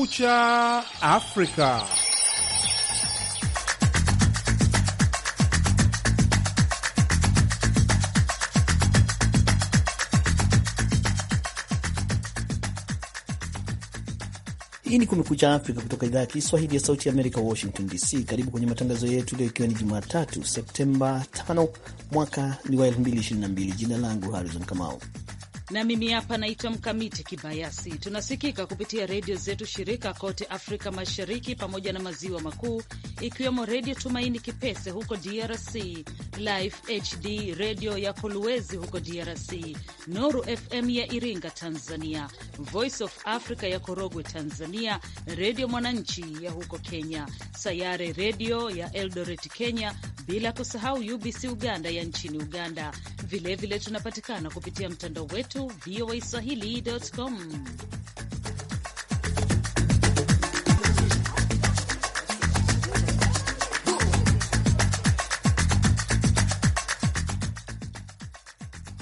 Kumekucha Afrika. Hii ni Kumekucha Afrika kutoka idhaa ya Kiswahili ya Sauti ya Amerika, Washington DC. Karibu kwenye matangazo yetu leo, ikiwa ni Jumatatu Septemba 5 mwaka ni wa 2022. Jina langu Harizon Kamau na mimi hapa naitwa Mkamiti Kibayasi. Tunasikika kupitia redio zetu shirika kote Afrika Mashariki pamoja na Maziwa Makuu, ikiwemo Redio Tumaini Kipese huko DRC, Life HD redio ya Kolwezi huko DRC, Noru FM ya Iringa Tanzania, Voice of Africa ya Korogwe Tanzania, Redio Mwananchi ya huko Kenya, Sayare redio ya Eldoret Kenya, bila kusahau UBC Uganda ya nchini Uganda. Vilevile vile tunapatikana kupitia mtandao wetu voa swahili.com.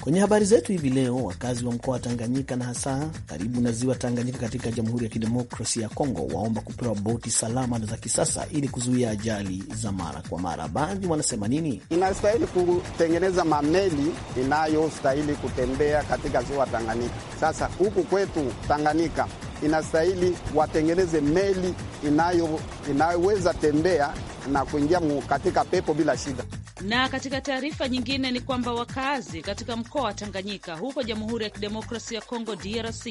Kwenye habari zetu hivi leo, wakazi wa mkoa wa Tanganyika na hasa karibu na ziwa Tanganyika katika Jamhuri ya Kidemokrasia ya Kongo waomba kupewa boti salama na za kisasa ili kuzuia ajali za mara kwa mara. Baadhi wanasema nini, inastahili kutengeneza mameli inayostahili kutembea katika ziwa Tanganyika. Sasa huku kwetu Tanganyika inastahili watengeneze meli inayo inayoweza tembea na kuingia katika pepo bila shida. Na katika taarifa nyingine ni kwamba wakazi katika mkoa wa Tanganyika huko Jamhuri ya Kidemokrasia ya Kongo DRC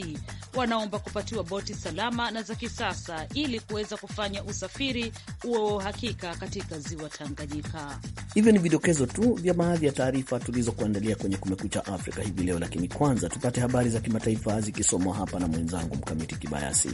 wanaomba kupatiwa boti salama na za kisasa ili kuweza kufanya usafiri uwe wa uhakika katika ziwa Tanganyika. Hivyo ni vidokezo tu vya baadhi ya taarifa tulizokuandalia kwenye Kumekucha Afrika hivi leo, lakini kwanza tupate habari za kimataifa zikisomwa hapa na mwenzangu Mkamiti Kibayasi.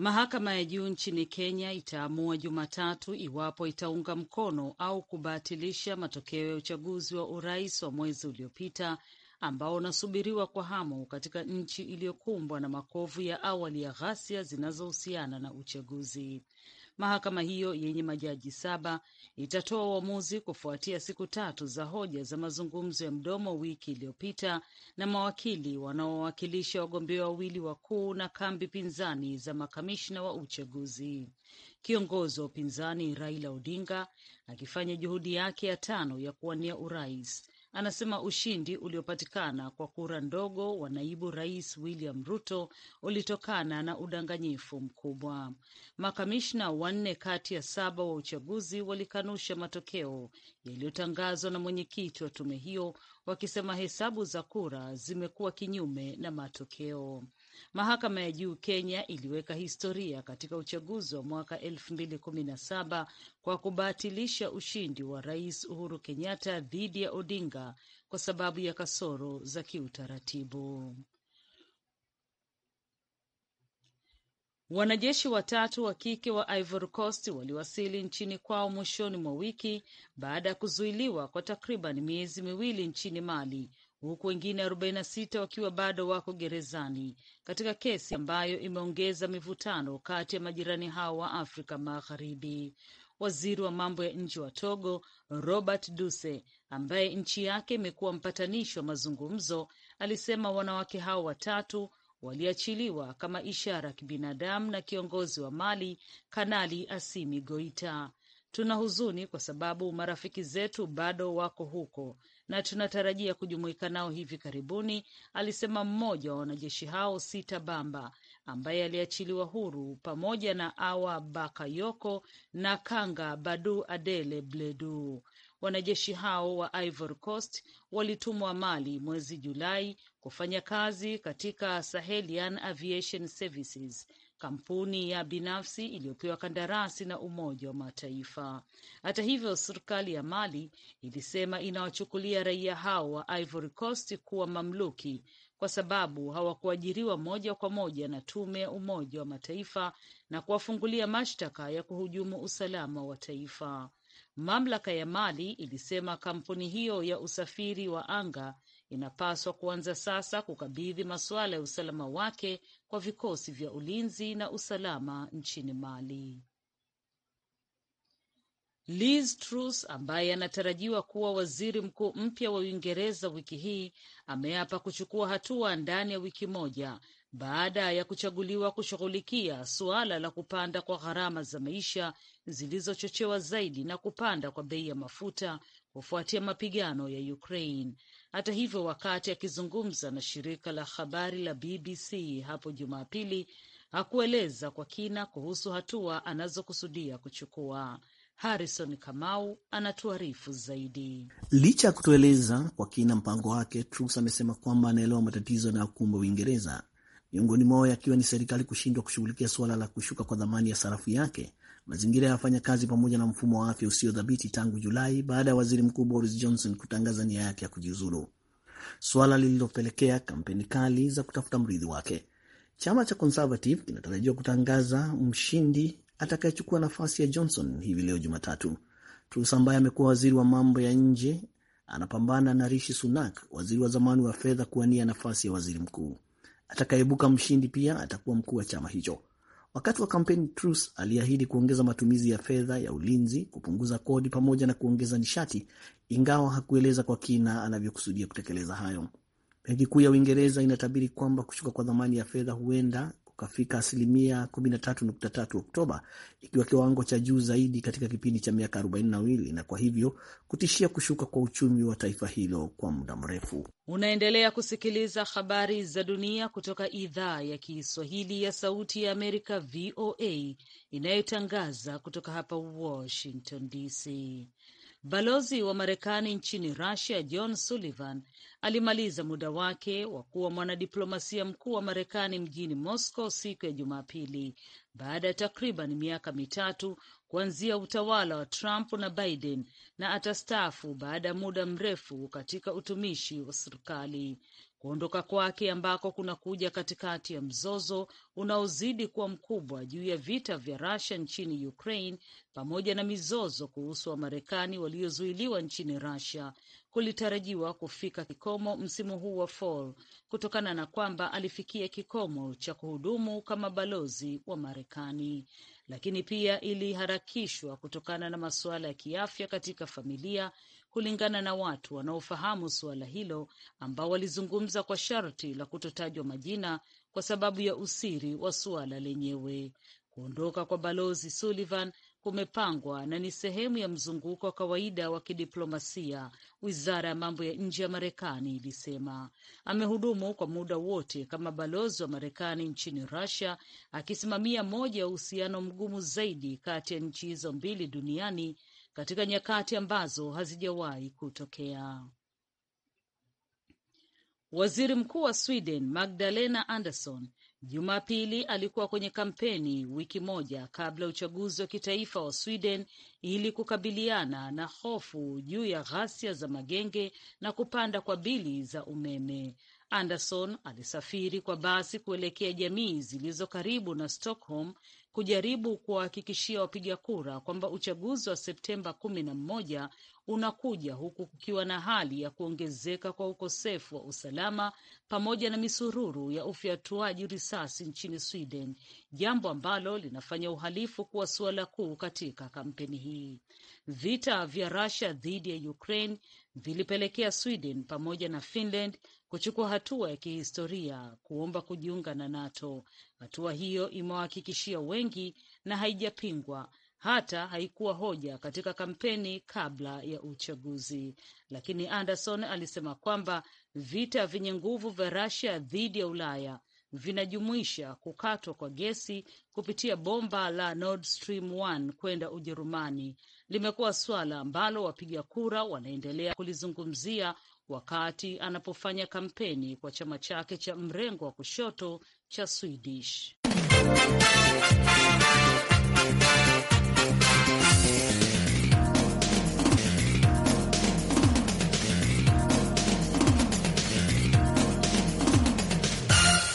Mahakama ya juu nchini Kenya itaamua Jumatatu iwapo itaunga mkono au kubatilisha matokeo ya uchaguzi wa urais wa mwezi uliopita ambao unasubiriwa kwa hamu katika nchi iliyokumbwa na makovu ya awali ya ghasia zinazohusiana na uchaguzi. Mahakama hiyo yenye majaji saba itatoa uamuzi kufuatia siku tatu za hoja za mazungumzo ya mdomo wiki iliyopita na mawakili wanaowakilisha wagombea wawili wakuu na kambi pinzani za makamishna wa uchaguzi. Kiongozi wa upinzani Raila Odinga akifanya juhudi yake ya tano ya kuwania urais anasema ushindi uliopatikana kwa kura ndogo wa naibu rais William Ruto ulitokana na udanganyifu mkubwa. Makamishna wanne kati ya saba wa uchaguzi walikanusha matokeo yaliyotangazwa na mwenyekiti wa tume hiyo, wakisema hesabu za kura zimekuwa kinyume na matokeo. Mahakama ya Juu Kenya iliweka historia katika uchaguzi wa mwaka elfu mbili kumi na saba kwa kubatilisha ushindi wa Rais Uhuru Kenyatta dhidi ya Odinga kwa sababu ya kasoro za kiutaratibu. Wanajeshi watatu wa kike wa Ivory Coast waliwasili nchini kwao mwishoni mwa wiki baada ya kuzuiliwa kwa takriban miezi miwili nchini Mali huku wengine 46 wakiwa bado wako gerezani katika kesi ambayo imeongeza mivutano kati ya majirani hao wa Afrika Magharibi. Waziri wa mambo ya nje wa Togo Robert Duse, ambaye nchi yake imekuwa mpatanishi wa mazungumzo, alisema wanawake hao watatu waliachiliwa kama ishara ya kibinadamu na kiongozi wa Mali Kanali Asimi Goita. Tuna huzuni kwa sababu marafiki zetu bado wako huko na tunatarajia kujumuika nao hivi karibuni, alisema mmoja wa wanajeshi hao Sita Bamba ambaye aliachiliwa huru pamoja na Awa Bakayoko na Kanga Badu Adele Bledu. Wanajeshi hao wa Ivory Coast walitumwa Mali mwezi Julai kufanya kazi katika Sahelian Aviation Services kampuni ya binafsi iliyopewa kandarasi na Umoja wa Mataifa. Hata hivyo, serikali ya Mali ilisema inawachukulia raia hao wa Ivory Coast kuwa mamluki kwa sababu hawakuajiriwa moja kwa moja na tume ya Umoja wa Mataifa na kuwafungulia mashtaka ya kuhujumu usalama wa taifa. Mamlaka ya Mali ilisema kampuni hiyo ya usafiri wa anga inapaswa kuanza sasa kukabidhi masuala ya usalama wake kwa vikosi vya ulinzi na usalama nchini Mali. Liz Truss ambaye anatarajiwa kuwa waziri mkuu mpya wa Uingereza wiki hii ameapa kuchukua hatua ndani ya wiki moja baada ya kuchaguliwa kushughulikia suala la kupanda kwa gharama za maisha zilizochochewa zaidi na kupanda kwa bei ya mafuta kufuatia mapigano ya Ukraine, hata hivyo, wakati akizungumza na shirika la habari la BBC hapo Jumapili, hakueleza kwa kina kuhusu hatua anazokusudia kuchukua. Harrison Kamau anatuarifu zaidi. Licha ya kutoeleza kwa kina mpango wake, Truss amesema kwamba anaelewa matatizo yanayokumba Uingereza, miongoni mwao yakiwa ni serikali kushindwa kushughulikia suala la kushuka kwa dhamani ya sarafu yake mazingira ya wafanyakazi pamoja na mfumo wa afya usio tangu Julai baada ya waziri mkuu Boris Johnson kutangaza nia yake ya kujiuzulu, suala lililopelekea kampeni kali za kutafuta mrithi wake. Chama cha Conservative kinatarajiwa kutangaza mshindi atakayechukua nafasi ya Johnson hivi leo Jumatatu. Truss ambaye amekuwa waziri wa mambo ya nje anapambana na Rishi Sunak, waziri wa zamani wa fedha, kuwania nafasi ya waziri mkuu. Atakayeibuka mshindi pia atakuwa mkuu wa chama hicho. Wakati wa kampeni, Truss aliahidi kuongeza matumizi ya fedha ya ulinzi, kupunguza kodi pamoja na kuongeza nishati, ingawa hakueleza kwa kina anavyokusudia kutekeleza hayo. Benki Kuu ya Uingereza inatabiri kwamba kushuka kwa thamani ya fedha huenda kukafika asilimia 13.3 Oktoba, ikiwa kiwango cha juu zaidi katika kipindi cha miaka 42 na kwa hivyo kutishia kushuka kwa uchumi wa taifa hilo kwa muda mrefu. Unaendelea kusikiliza habari za dunia kutoka idhaa ya Kiswahili ya Sauti ya Amerika, VOA, inayotangaza kutoka hapa Washington DC. Balozi wa Marekani nchini Russia John Sullivan alimaliza muda wake wa kuwa mwanadiplomasia mkuu wa Marekani mjini Moscow siku ya Jumapili baada ya takriban miaka mitatu kuanzia utawala wa Trump na Biden, na atastaafu baada ya muda mrefu katika utumishi wa serikali. Kuondoka kwake ambako kunakuja katikati ya mzozo unaozidi kuwa mkubwa juu ya vita vya Russia nchini Ukraine pamoja na mizozo kuhusu Wamarekani waliozuiliwa nchini Russia kulitarajiwa kufika kikomo msimu huu wa fall kutokana na kwamba alifikia kikomo cha kuhudumu kama balozi wa Marekani, lakini pia iliharakishwa kutokana na masuala ya kiafya katika familia kulingana na watu wanaofahamu suala hilo ambao walizungumza kwa sharti la kutotajwa majina kwa sababu ya usiri wa suala lenyewe. Kuondoka kwa balozi Sullivan kumepangwa na ni sehemu ya mzunguko wa kawaida wa kidiplomasia, wizara ya mambo ya nje ya Marekani ilisema. Amehudumu kwa muda wote kama balozi wa Marekani nchini Russia, akisimamia moja ya uhusiano mgumu zaidi kati ya nchi hizo mbili duniani katika nyakati ambazo hazijawahi kutokea. Waziri Mkuu wa Sweden Magdalena Andersson Jumapili alikuwa kwenye kampeni wiki moja kabla ya uchaguzi wa kitaifa wa Sweden ili kukabiliana na hofu juu ya ghasia za magenge na kupanda kwa bili za umeme, Anderson alisafiri kwa basi kuelekea jamii zilizo karibu na Stockholm kujaribu kuwahakikishia wapiga kura kwamba uchaguzi wa Septemba kumi na mmoja unakuja huku kukiwa na hali ya kuongezeka kwa ukosefu wa usalama pamoja na misururu ya ufyatuaji risasi nchini Sweden jambo ambalo linafanya uhalifu kuwa suala kuu katika kampeni hii. Vita vya Russia dhidi ya Ukraine vilipelekea Sweden pamoja na Finland kuchukua hatua ya kihistoria kuomba kujiunga na NATO. Hatua hiyo imewahakikishia wengi na haijapingwa hata haikuwa hoja katika kampeni kabla ya uchaguzi, lakini Anderson alisema kwamba vita vyenye nguvu vya Russia dhidi ya Ulaya vinajumuisha kukatwa kwa gesi kupitia bomba la Nord Stream 1 kwenda Ujerumani limekuwa suala ambalo wapiga kura wanaendelea kulizungumzia wakati anapofanya kampeni kwa chama chake cha mrengo wa kushoto cha Swedish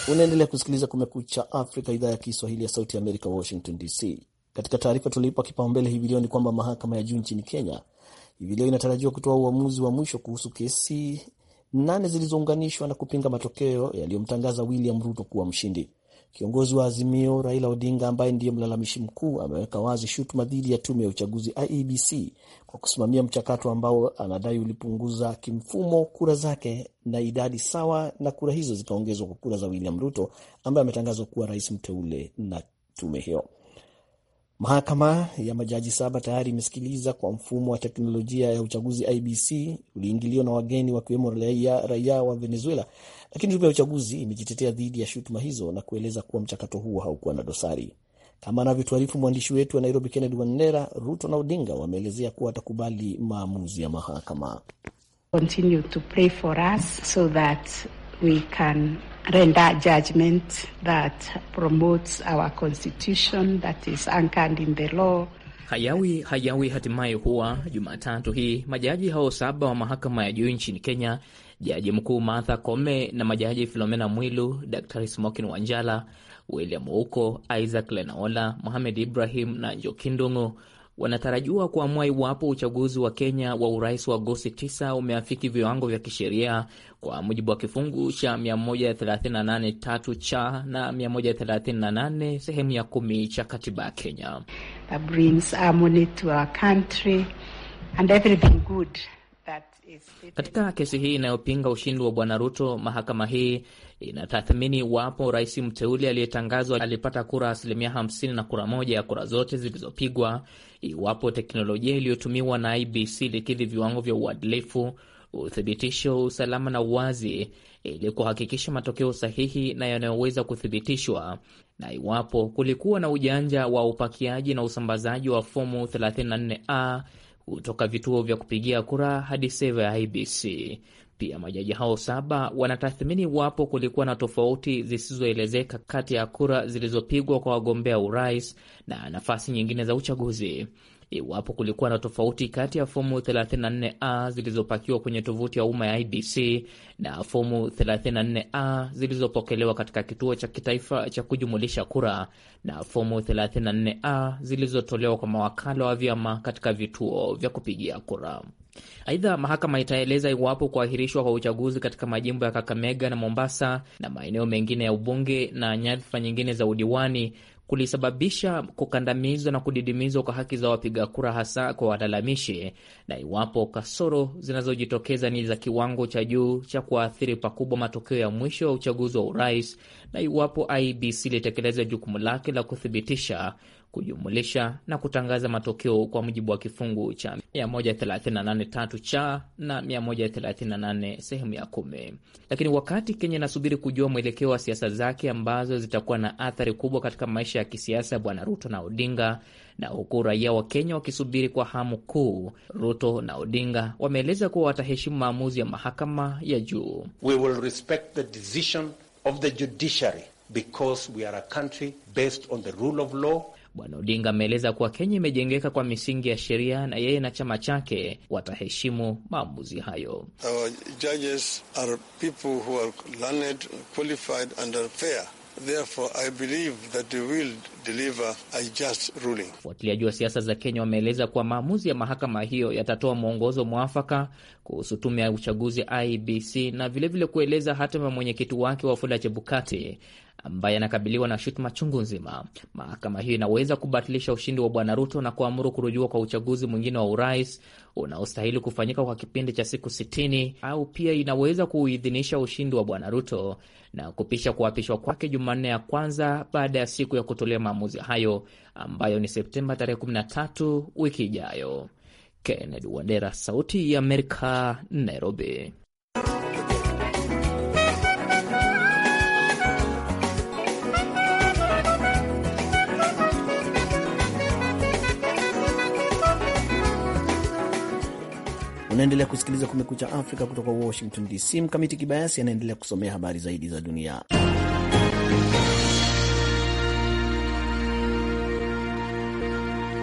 Unaendelea kusikiliza Kumekucha Afrika, idhaa ya Kiswahili ya Sauti ya Amerika, Washington DC. Katika taarifa tuliipa kipaumbele hivi leo ni kwamba mahakama ya juu nchini Kenya hivi leo inatarajiwa kutoa uamuzi wa mwisho kuhusu kesi nane zilizounganishwa na kupinga matokeo yaliyomtangaza William Ruto kuwa mshindi. Kiongozi wa Azimio Raila Odinga, ambaye ndiye mlalamishi mkuu, ameweka wazi shutuma dhidi ya tume ya uchaguzi IEBC kwa kusimamia mchakato ambao anadai ulipunguza kimfumo kura zake na idadi sawa, na kura hizo zikaongezwa kwa kura za William Ruto ambaye ametangazwa kuwa rais mteule na tume hiyo. Mahakama ya majaji saba tayari imesikiliza kwa mfumo wa teknolojia ya uchaguzi IBC uliingiliwa na wageni wakiwemo raia, raia wa Venezuela, lakini tume ya uchaguzi imejitetea dhidi ya shutuma hizo na kueleza kuwa mchakato huo haukuwa na dosari. Kama anavyotuarifu mwandishi wetu wa Nairobi, Kennedy Wandera, Ruto na Odinga wameelezea kuwa watakubali maamuzi ya mahakama. Continue to pray for us so that we can render judgment that promotes our constitution that is anchored in the law. Hayawi hayawi hatimaye huwa Jumatatu hii majaji hao saba wa mahakama ya juu nchini Kenya, jaji mkuu Martha Koome na majaji Filomena Mwilu, Daktari Smokin Wanjala, William Ouko, Isaac Lenaola, Mohamed Ibrahim na Njoki Ndung'u wanatarajiwa kuamua iwapo uchaguzi wa Kenya wa urais wa Agosti 9 umeafiki viwango vya kisheria kwa mujibu wa kifungu cha 138 cha na 138 sehemu ya kumi cha katiba ya Kenya. Katika kesi hii inayopinga ushindi wa bwana Ruto, mahakama hii inatathmini iwapo rais mteule aliyetangazwa alipata kura asilimia 50 na kura moja ya kura zote zilizopigwa, iwapo teknolojia iliyotumiwa na IBC ilikidhi viwango vya uadilifu, uthibitisho, usalama na uwazi ili kuhakikisha matokeo sahihi na yanayoweza kuthibitishwa na iwapo kulikuwa na ujanja wa upakiaji na usambazaji wa fomu 34A kutoka vituo vya kupigia kura hadi seva ya IBC. Pia majaji hao saba wanatathmini iwapo kulikuwa na tofauti zisizoelezeka kati ya kura zilizopigwa kwa wagombea urais na nafasi nyingine za uchaguzi iwapo kulikuwa na tofauti kati ya fomu 34A zilizopakiwa kwenye tovuti ya umma ya IBC na fomu 34A zilizopokelewa katika kituo cha kitaifa cha kujumulisha kura na fomu 34A zilizotolewa kwa mawakala wa vyama katika vituo vya kupigia kura. Aidha, mahakama itaeleza iwapo kuahirishwa kwa uchaguzi katika majimbo ya Kakamega na Mombasa na maeneo mengine ya ubunge na nyadhifa nyingine za udiwani kulisababisha kukandamizwa na kudidimizwa kwa haki za wapiga kura, hasa kwa walalamishi, na iwapo kasoro zinazojitokeza ni za kiwango cha juu cha kuathiri pakubwa matokeo ya mwisho ya uchaguzi wa urais, na iwapo ibc litekeleza jukumu lake la kuthibitisha kujumulisha na kutangaza matokeo kwa mujibu wa kifungu cha 138.3 cha na 138 sehemu ya kumi. Lakini wakati Kenya inasubiri kujua mwelekeo wa siasa zake ambazo zitakuwa na athari kubwa katika maisha ya kisiasa Bwana Ruto na Odinga, na huku raia wa Kenya wakisubiri kwa hamu kuu, Ruto na Odinga wameeleza kuwa wataheshimu maamuzi ya mahakama ya juu. We will respect the decision of the judiciary because we are a country based on the rule of law Bwana Odinga ameeleza kuwa Kenya imejengeka kwa misingi ya sheria na yeye na chama chake wataheshimu maamuzi hayo. Our judges are people who are learned, qualified and are fair. Therefore, I believe that they will deliver a just ruling. Wafuatiliaji wa siasa za Kenya wameeleza kuwa maamuzi ya mahakama hiyo yatatoa mwongozo mwafaka kuhusu tume ya uchaguzi IBC na vilevile vile kueleza hatima ya mwenyekiti wake Wafula Chebukati ambaye anakabiliwa na shutuma chungu nzima. Mahakama hiyo inaweza kubatilisha ushindi wa Bwana Ruto na kuamuru kurujiwa kwa uchaguzi mwingine wa urais unaostahili kufanyika kwa kipindi cha siku sitini au pia inaweza kuuidhinisha ushindi wa Bwana Ruto na kupisha kuapishwa kwake Jumanne ya kwanza baada ya siku ya kutolea maamuzi hayo ambayo ni Septemba tarehe 13 wiki ijayo. Kennedy Wandera, Sauti ya Amerika, Nairobi. Unaendelea kusikiliza Kumekucha Afrika kutoka Washington DC. Mkamiti Kibayasi anaendelea kusomea habari zaidi za dunia.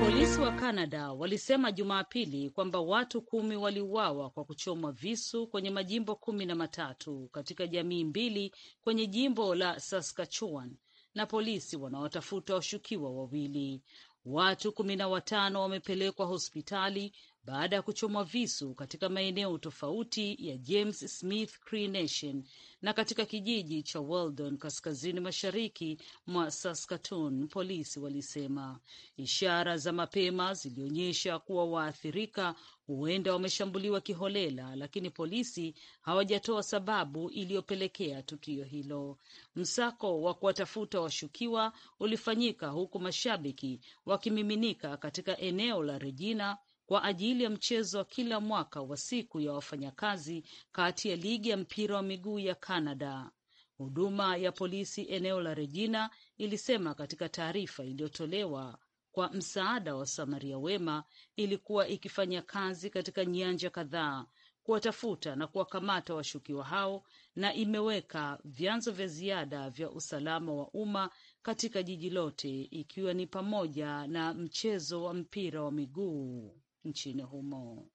Polisi wa Kanada walisema Jumapili kwamba watu kumi waliuawa kwa kuchomwa visu kwenye majimbo kumi na matatu katika jamii mbili kwenye jimbo la Saskatchewan na polisi wanaotafuta washukiwa wawili. Watu kumi na watano wamepelekwa hospitali baada ya kuchomwa visu katika maeneo tofauti ya James Smith Cree Nation na katika kijiji cha Weldon kaskazini mashariki mwa Saskatoon, polisi walisema. Ishara za mapema zilionyesha kuwa waathirika huenda wameshambuliwa kiholela, lakini polisi hawajatoa sababu iliyopelekea tukio hilo. Msako wa kuwatafuta washukiwa ulifanyika huku mashabiki wakimiminika katika eneo la Regina kwa ajili ya mchezo wa kila mwaka wa siku ya wafanyakazi kati ya ligi ya mpira wa miguu ya canada Huduma ya polisi eneo la Regina ilisema katika taarifa iliyotolewa kwa msaada wa Samaria Wema ilikuwa ikifanya kazi katika nyanja kadhaa kuwatafuta na kuwakamata washukiwa hao na imeweka vyanzo vya ziada vya usalama wa umma katika jiji lote ikiwa ni pamoja na mchezo wa mpira wa miguu nchini humo.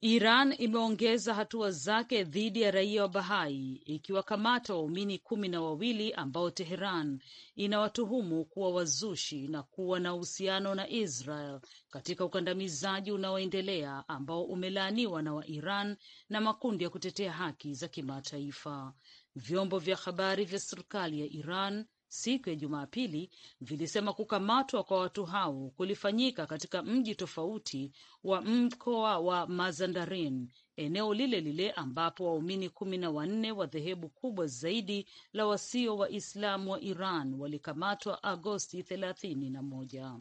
Iran imeongeza hatua zake dhidi ya raia wa Bahai ikiwakamata waumini kumi na wawili ambao Teheran inawatuhumu kuwa wazushi na kuwa na uhusiano na Israel katika ukandamizaji unaoendelea ambao umelaaniwa na Wairan na makundi ya kutetea haki za kimataifa. Vyombo vya habari vya serikali ya Iran siku ya Jumapili vilisema kukamatwa kwa watu hao kulifanyika katika mji tofauti wa mkoa wa Mazandaran, eneo lile lile ambapo waumini kumi na wanne wa dhehebu kubwa zaidi la wasio Waislamu wa Iran walikamatwa Agosti thelathini na moja.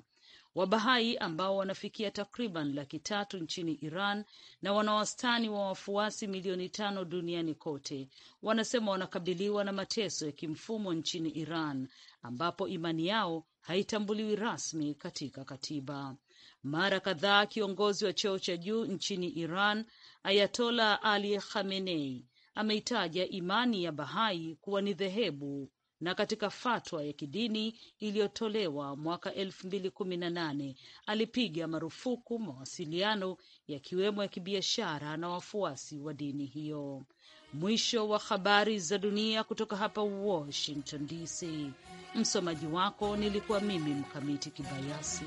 Wabahai ambao wanafikia takriban laki tatu nchini Iran na wana wastani wa wafuasi milioni tano duniani kote, wanasema wanakabiliwa na mateso ya kimfumo nchini Iran ambapo imani yao haitambuliwi rasmi katika katiba. Mara kadhaa kiongozi wa cheo cha juu nchini Iran Ayatola Ali Khamenei ameitaja imani ya Bahai kuwa ni dhehebu na katika fatwa ya kidini iliyotolewa mwaka elfu mbili kumi na nane alipiga marufuku mawasiliano yakiwemo ya kibiashara na wafuasi wa dini hiyo. Mwisho wa habari za dunia kutoka hapa Washington DC. Msomaji wako nilikuwa mimi Mkamiti Kibayasi.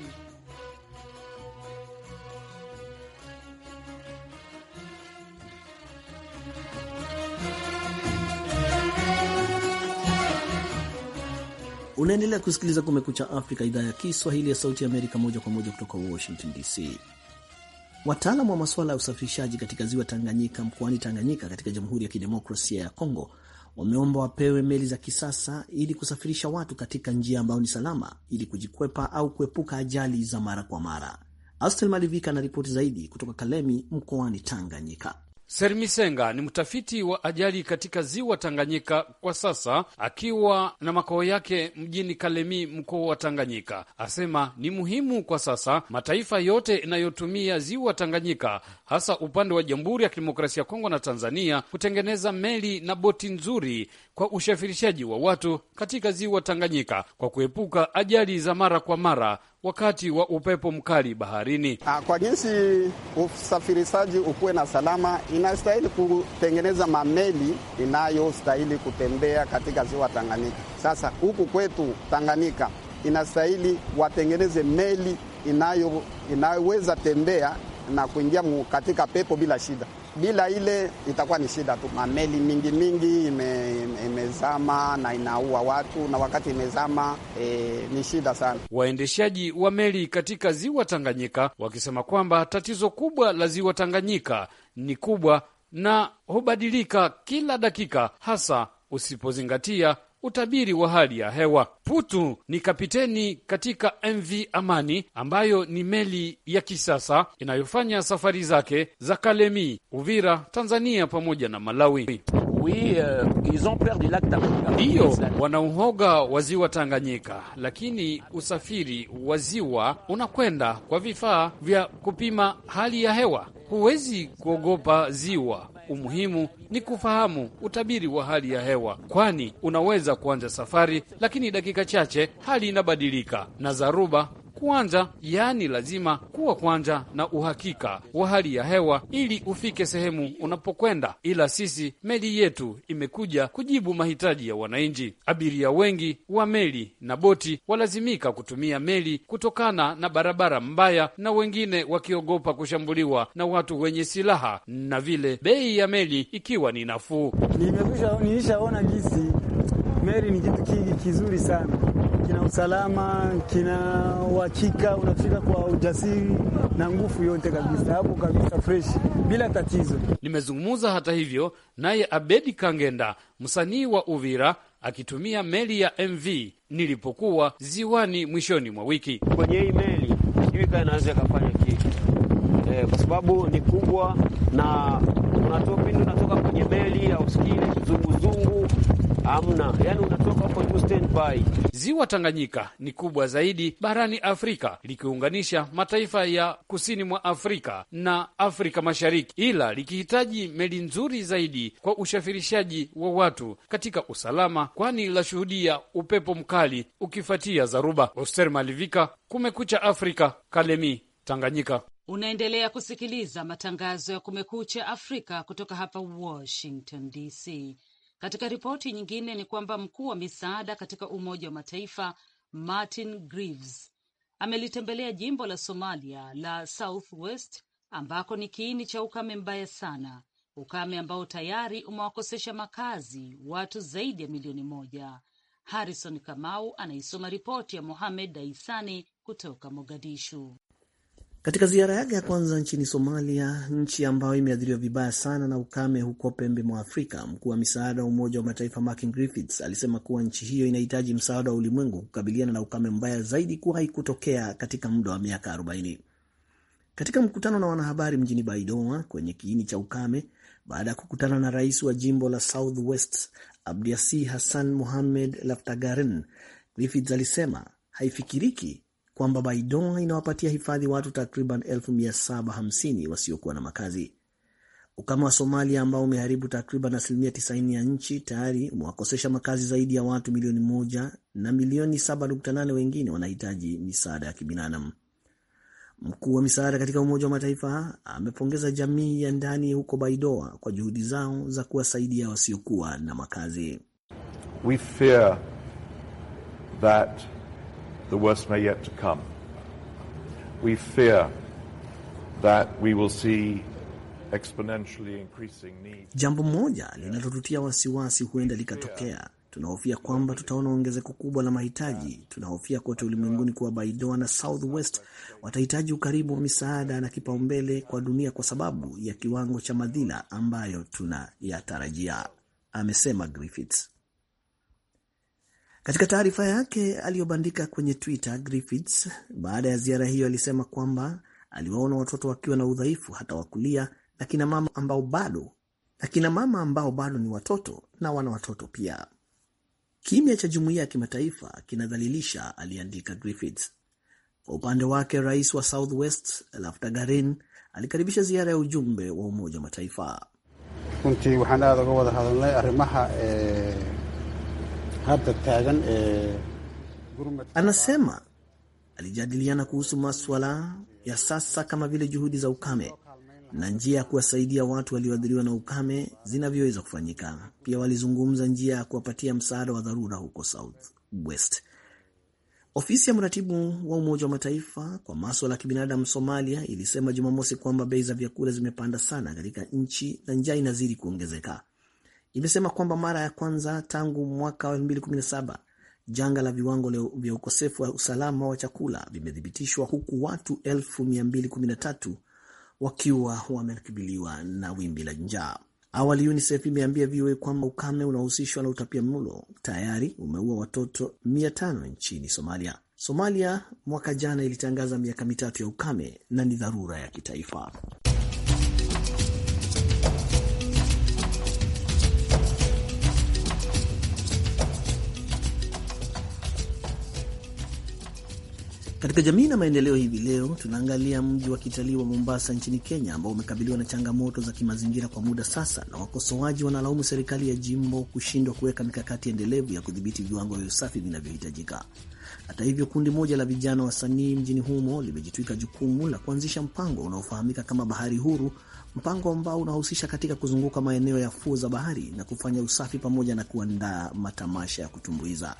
Unaendelea kusikiliza Kumekucha Afrika, idhaa ya Kiswahili ya Sauti ya Amerika, moja kwa moja kutoka Washington DC. Wataalam wa masuala ya usafirishaji katika ziwa Tanganyika mkoani Tanganyika katika Jamhuri ya Kidemokrasia ya Kongo wameomba wapewe meli za kisasa ili kusafirisha watu katika njia ambayo ni salama ili kujikwepa au kuepuka ajali za mara kwa mara. austel Malivika ana ripoti zaidi kutoka Kalemi mkoani Tanganyika. Sermisenga ni mtafiti wa ajali katika ziwa Tanganyika kwa sasa akiwa na makao yake mjini Kalemi, mkoa wa Tanganyika. Asema ni muhimu kwa sasa mataifa yote inayotumia ziwa Tanganyika, hasa upande wa Jamhuri ya Kidemokrasia ya Kongo na Tanzania, kutengeneza meli na boti nzuri kwa ushafirishaji wa watu katika ziwa Tanganyika kwa kuepuka ajali za mara kwa mara wakati wa upepo mkali baharini. Ah, kwa jinsi usafirishaji ukuwe na salama, inastahili kutengeneza mameli inayostahili kutembea katika ziwa Tanganyika. Sasa huku kwetu Tanganyika inastahili watengeneze meli inayoweza tembea na kuingia katika pepo bila shida. Bila ile itakuwa ni shida tu. Mameli mingi mingi ime, imezama na inaua watu, na wakati imezama e, ni shida sana. Waendeshaji wa meli katika ziwa Tanganyika wakisema kwamba tatizo kubwa la ziwa Tanganyika ni kubwa na hubadilika kila dakika, hasa usipozingatia utabiri wa hali ya hewa. Putu ni kapiteni katika MV Amani ambayo ni meli ya kisasa inayofanya safari zake za Kalemi, Uvira, Tanzania pamoja na Malawi. Euh, Ndiyo, wanauhoga wa ziwa Tanganyika, lakini usafiri wa ziwa unakwenda kwa vifaa vya kupima hali ya hewa. Huwezi kuogopa ziwa umuhimu ni kufahamu utabiri wa hali ya hewa, kwani unaweza kuanza safari, lakini dakika chache hali inabadilika na dharuba kwanza, yaani lazima kuwa kwanja na uhakika wa hali ya hewa ili ufike sehemu unapokwenda. Ila sisi meli yetu imekuja kujibu mahitaji ya wananchi. Abiria wengi wa meli na boti walazimika kutumia meli kutokana na barabara mbaya, na wengine wakiogopa kushambuliwa na watu wenye silaha, na vile bei ya meli ikiwa ni nafuu. Nimeshaona niishaona meli ni kitu kizuri sana kina usalama, kina uhakika, unafika kwa ujasiri na nguvu yote kabisa, hapo kabisa fresh, bila tatizo. Nimezungumza hata hivyo naye Abedi Kangenda, msanii wa Uvira, akitumia meli ya MV nilipokuwa ziwani mwishoni mwa wiki. Kwenye hii meli sijui kaa inaweza ikafanya kitu e, kwa sababu ni kubwa na unatoka, pindi unatoka kwenye meli ya usikile zunguzungu Amna, yani unatoka hapo juu standby. Ziwa Tanganyika ni kubwa zaidi barani Afrika likiunganisha mataifa ya kusini mwa Afrika na Afrika Mashariki, ila likihitaji meli nzuri zaidi kwa ushafirishaji wa watu katika usalama, kwani shuhudia upepo mkali ukifuatia zaruba. Oster Malivika, Kumekucha Afrika, Kalemi, Tanganyika. Unaendelea kusikiliza matangazo ya Kumekucha Afrika kutoka hapa Washington DC. Katika ripoti nyingine ni kwamba mkuu wa misaada katika Umoja wa Mataifa Martin grives amelitembelea jimbo la Somalia la Southwest ambako ni kiini cha ukame mbaya sana, ukame ambao tayari umewakosesha makazi watu zaidi ya milioni moja. Harrison Kamau anaisoma ripoti ya Mohamed Daisani kutoka Mogadishu. Katika ziara yake ya kwanza nchini Somalia, nchi ambayo imeathiriwa vibaya sana na ukame huko pembe mwa Afrika, mkuu wa misaada wa Umoja wa Mataifa Martin Griffiths alisema kuwa nchi hiyo inahitaji msaada wa ulimwengu kukabiliana na ukame mbaya zaidi kuwahi kutokea katika muda wa miaka 40. Katika mkutano na wanahabari mjini Baidoa kwenye kiini cha ukame, baada ya kukutana na rais wa jimbo la South West Abdiasi Hassan Mohamed Laftagaren, Griffiths alisema haifikiriki kwamba Baidoa inawapatia hifadhi watu takriban 750 wasiokuwa na makazi. Ukame wa Somalia ambao umeharibu takriban asilimia 90 ya nchi tayari umewakosesha makazi zaidi ya watu milioni moja na milioni 7.8 wengine wanahitaji misaada ya kibinadamu. Mkuu wa misaada katika Umoja wa Mataifa amepongeza jamii ya ndani huko Baidoa kwa juhudi zao za kuwasaidia wasiokuwa na makazi. We fear that the worst may yet come. We fear that we will see exponentially increasing need. Jambo moja linalotutia wasiwasi huenda likatokea. Tunahofia kwamba tutaona ongezeko kubwa la mahitaji. Tunahofia kote ulimwenguni kuwa Baidoa na Southwest watahitaji ukaribu wa misaada na kipaumbele kwa dunia kwa sababu ya kiwango cha madhila ambayo tunayatarajia, amesema Griffiths. Katika taarifa yake aliyobandika kwenye Twitter, Griffiths baada ya ziara hiyo alisema kwamba aliwaona watoto wakiwa na udhaifu hata wa kulia na kina mama ambao bado na kina mama ambao bado ni watoto na wana watoto pia. Kimya cha jumuiya ya kimataifa kinadhalilisha, aliandika Griffiths. Kwa upande wake, rais wa Southwest Laftagarin alikaribisha ziara ya ujumbe wa Umoja wa Mataifa. Runtii waxaan aad uga wada hadalnay arrimaha ee Eh, Anasema alijadiliana kuhusu maswala ya sasa kama vile juhudi za ukame na njia ya kuwasaidia watu walioathiriwa na ukame zinavyoweza kufanyika. Pia walizungumza njia ya kuwapatia msaada wa dharura huko South West. Ofisi ya mratibu wa Umoja wa Mataifa kwa maswala ya kibinadamu Somalia ilisema Jumamosi kwamba bei za vyakula zimepanda sana katika nchi na njaa inazidi kuongezeka imesema kwamba mara ya kwanza tangu mwaka wa 2017 janga la viwango vya ukosefu wa usalama wa chakula vimethibitishwa huku watu 213 wakiwa wamekabiliwa na wimbi la njaa. Awali UNICEF imeambia VOA kwamba ukame unaohusishwa na utapia mlo tayari umeua watoto 500 nchini Somalia. Somalia mwaka jana ilitangaza miaka mitatu ya ukame na ni dharura ya kitaifa. Katika jamii na maendeleo, hivi leo tunaangalia mji wa kitalii wa Mombasa nchini Kenya ambao umekabiliwa na changamoto za kimazingira kwa muda sasa, na wakosoaji wanalaumu serikali ya jimbo kushindwa kuweka mikakati endelevu ya kudhibiti viwango vya usafi vinavyohitajika. Hata hivyo, kundi moja la vijana wasanii mjini humo limejitwika jukumu la kuanzisha mpango unaofahamika kama Bahari Huru, mpango ambao unahusisha katika kuzunguka maeneo ya fuo za bahari na kufanya usafi pamoja na kuandaa matamasha ya kutumbuiza.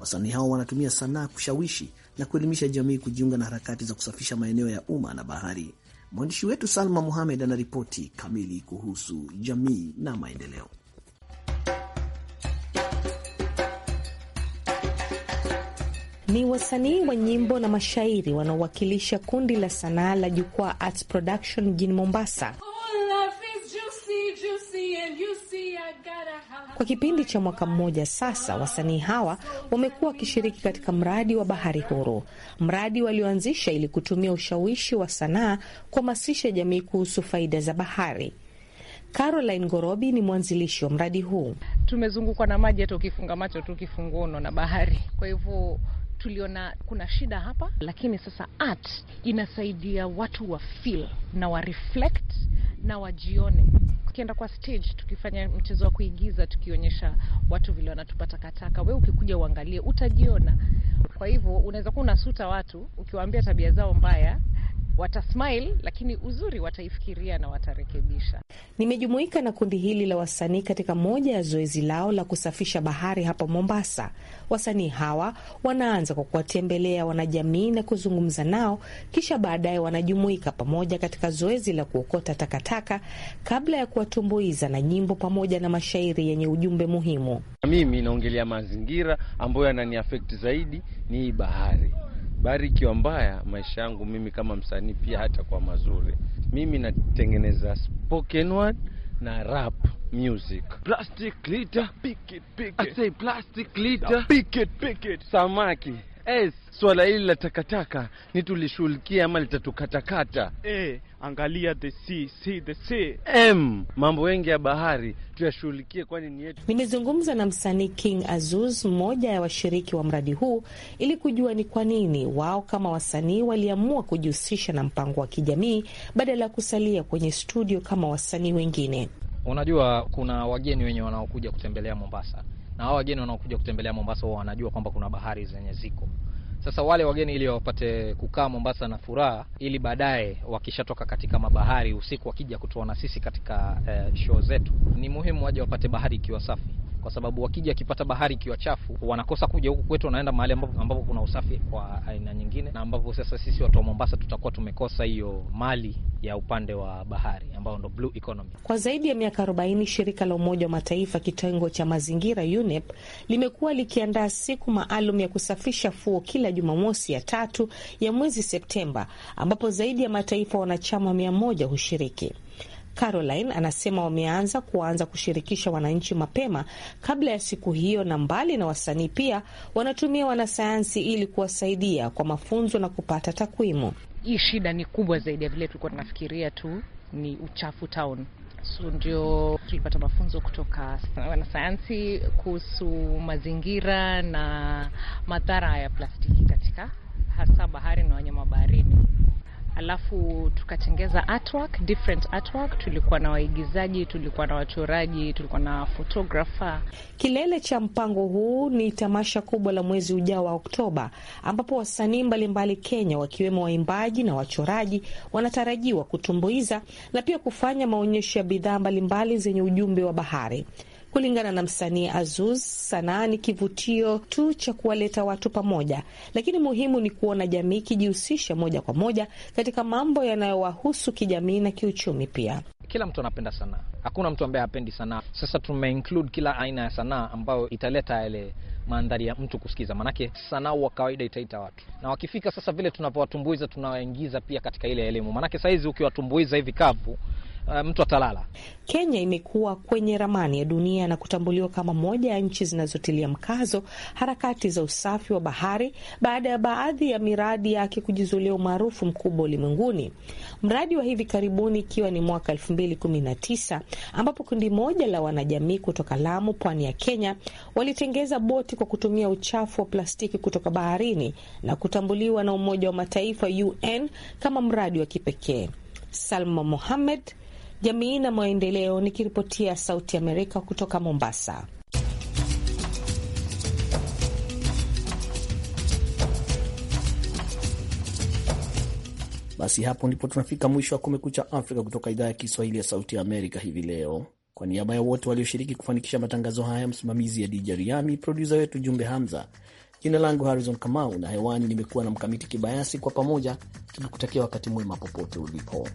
Wasanii hao wanatumia sanaa kushawishi na kuelimisha jamii kujiunga na harakati za kusafisha maeneo ya umma na bahari. Mwandishi wetu Salma Muhamed anaripoti kamili kuhusu jamii na maendeleo. Ni wasanii wa nyimbo na mashairi wanaowakilisha kundi la sanaa la Jukwaa Arts Production mjini Mombasa kwa kipindi cha mwaka mmoja sasa, wasanii hawa wamekuwa wakishiriki katika mradi wa Bahari Huru, mradi walioanzisha ili kutumia ushawishi wa sanaa kuhamasisha jamii kuhusu faida za bahari. Caroline Gorobi ni mwanzilishi wa mradi huu. Tumezungukwa na maji, hata ukifunga macho tu kifunguono na bahari, kwa hivyo tuliona kuna shida hapa, lakini sasa art inasaidia watu wa feel na wa reflect na wajione tukienda kwa stage tukifanya mchezo wa kuigiza tukionyesha watu vile wanatupa takataka, we ukikuja uangalie utajiona. Kwa hivyo unaweza kuwa unasuta watu ukiwaambia tabia zao mbaya watasmile, lakini uzuri wataifikiria na watarekebisha. Nimejumuika na kundi hili la wasanii katika moja ya zoezi lao la kusafisha bahari hapa Mombasa. Wasanii hawa wanaanza kwa kuwatembelea wanajamii na kuzungumza nao, kisha baadaye wanajumuika pamoja katika zoezi la kuokota takataka kabla ya kuwatumbuiza na nyimbo pamoja na mashairi yenye ujumbe muhimu. Mimi naongelea mazingira ambayo yananiafekti zaidi ni bahari bari ikiwa mbaya, maisha yangu mimi kama msanii pia hata kwa mazuri, mimi natengeneza spoken word na rap music. Plastic litter, pick it, pick it. I say plastic litter, pick it, pick it. Samaki Es, Swala hili la takataka ni tulishughulikia ama litatukatakata? A, e, angalia the sea, see the sea. M, mambo mengi ya bahari tuyashughulikie, kwani ni yetu. Nimezungumza na msanii King Azuz, mmoja ya washiriki wa mradi huu, ili kujua ni kwa nini wao kama wasanii waliamua kujihusisha na mpango wa kijamii badala ya kusalia kwenye studio kama wasanii wengine. Unajua, kuna wageni wenye wanaokuja kutembelea Mombasa na hao wageni wanaokuja kutembelea Mombasa wao wanajua kwamba kuna bahari zenye ziko sasa wale wageni ili wapate kukaa Mombasa na furaha, ili baadaye wakishatoka katika mabahari usiku wakija kutuona sisi katika eh, show zetu, ni muhimu waje wapate bahari ikiwa safi kwa sababu wakija akipata bahari ikiwa chafu wanakosa kuja huku kwetu, wanaenda mahali ambapo, ambapo kuna usafi kwa aina nyingine, na ambapo sasa sisi watu wa Mombasa tutakuwa tumekosa hiyo mali ya upande wa bahari ambayo ndo blue economy. Kwa zaidi ya miaka 40 shirika la Umoja wa Mataifa kitengo cha mazingira UNEP limekuwa likiandaa siku maalum ya kusafisha fuo kila Jumamosi ya tatu ya mwezi Septemba, ambapo zaidi ya mataifa wanachama mia moja hushiriki. Caroline anasema wameanza kuanza kushirikisha wananchi mapema kabla ya siku hiyo, na mbali na wasanii pia wanatumia wanasayansi ili kuwasaidia kwa mafunzo na kupata takwimu. Hii shida ni kubwa zaidi ya vile tulikuwa tunafikiria tu, ni uchafu town. So ndio tulipata mafunzo kutoka wanasayansi kuhusu mazingira na madhara ya plastiki katika hasa bahari na wanyama baharini alafu tukatengeza artwork, different artwork. Tulikuwa na waigizaji, tulikuwa na wachoraji, tulikuwa na photographer. Kilele cha mpango huu ni tamasha kubwa la mwezi ujao wa Oktoba, ambapo wasanii mbalimbali Kenya, wakiwemo waimbaji na wachoraji, wanatarajiwa kutumbuiza na pia kufanya maonyesho ya bidhaa mbalimbali zenye ujumbe wa bahari. Kulingana na msanii Azuz, sanaa ni kivutio tu cha kuwaleta watu pamoja, lakini muhimu ni kuona jamii ikijihusisha moja kwa moja katika mambo yanayowahusu kijamii na kiuchumi pia. Kila mtu anapenda sanaa, hakuna mtu ambaye hapendi sanaa. Sasa tumeinclude kila aina ya sanaa ambayo italeta yale mandhari ya mtu kusikiza, maanake sanaa wa kawaida itaita watu, na wakifika sasa, vile tunavyowatumbuiza, tunawaingiza pia katika ile elimu, maanake sahizi ukiwatumbuiza hivi kavu Eh, mtu atalala. Kenya imekuwa kwenye ramani ya dunia na kutambuliwa kama moja ya nchi zinazotilia mkazo harakati za usafi wa bahari baada ya baadhi ya miradi yake kujizulia umaarufu mkubwa ulimwenguni, mradi wa hivi karibuni ikiwa ni mwaka elfu kumi ambapo kundi moja la wanajamii kutoka Lamu, pwani ya Kenya, walitengeza boti kwa kutumia uchafu wa plastiki kutoka baharini na kutambuliwa na Umoja wa Mataifa UN kama mradi wa kipekee. Salma Mohamed, jamii na maendeleo. Nikiripotia Sauti Amerika kutoka Mombasa. Basi hapo ndipo tunafika mwisho wa Kumekucha Afrika kutoka idhaa ya Kiswahili ya Sauti ya Amerika hivi leo. Kwa niaba ya wote walioshiriki kufanikisha matangazo haya, msimamizi ya Dija Riami, produsa wetu Jumbe Hamza, jina langu Harrison Kamau na hewani nimekuwa na Mkamiti Kibayasi, kwa pamoja tukikutakia wakati mwema popote ulipo.